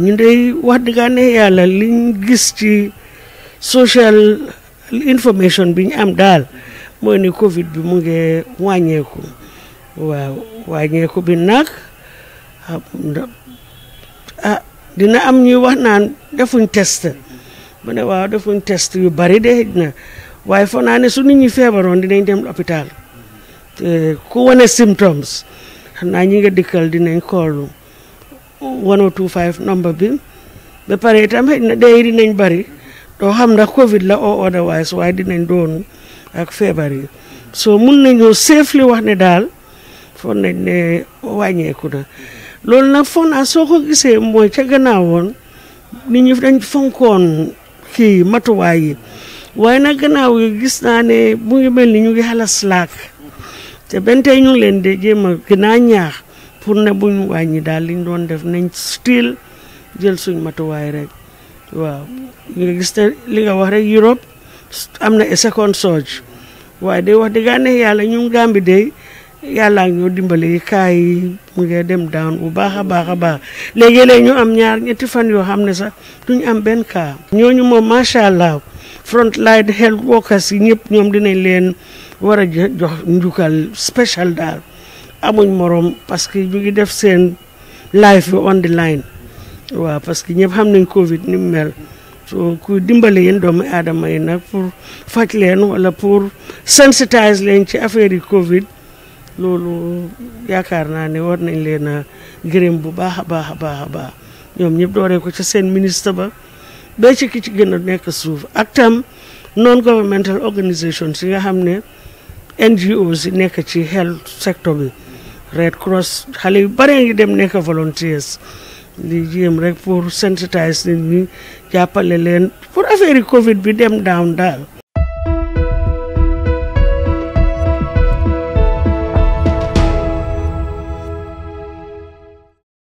ñu day wax dëggaane yàlla liñ gis ci social information biñ am daal mooy ni covid bi mu ngi wàññeeku waaw wàññeeku bi nag ah, ah dina am ñuy wax naan defuñ test mu ne waaw defuñ test yu bari de na waaye foog naa ne su nit ñi feebaroon dinañ dem hôpital ku wane symptômes xam naa ñi nga dikkal dinañ koolu 1025 number bi ba pare itam xëy na dee dinañ bari doo xam ndax Covid la oo otherwise waaye dinañ doonu ak feebar yi so mun nañoo safely wax ne daal foog nañ ne wàññeeku na loolu naa soo ko gisee mooy ca gannaaw woon nit ñi dañ fonkoon kii matuwaay yi waaye nag gannaaw yi gis naa ne mu ngi mel ni ñu ngi xala slaak te benn ñu leen di jéem a gën a ñaax. pour ne bu ñu wàññi daal li doon def nañ still jël suñ matuwaay rek waaw nga gis te li nga wax rek Europe am na second surge waaye day wax dëgg ne yàlla ñu Gàmbi de yàlla ak ñoo dimbali kaay yi mu ngi dem down bu baax a baax a baax léeg ñu am ñaar ñetti fan yoo xam ne sax duñu am benn cas ñooñu moom macha allah front line health workers yi ñëpp ñoom dinañ leen war a jox njukkal special daal amuñ morom parce que ñu ngi def seen live bi on the line waaw parce que ñëpp xam nañ Covid ni mu mel so ku dimbale yéen doomu aadama yi nag pour faj leen wala pour sensitise leen ci affaire yi Covid loolu yaakaar naa ne war nañ leen a gërëm bu baax a baax a baax a baax ñoom ñëpp ko ci seen ministre ba ba ci ki ci gën a nekk suuf ak tam non governmental organisations yi nga xam ne NGOs yi nekk ci health sector bi Red Cross xale yu bare ngi dem nekk volunteers di jéem rek pour sensitiser nit ñi jàppale leen pour affaire yi Covid bi dem down daal.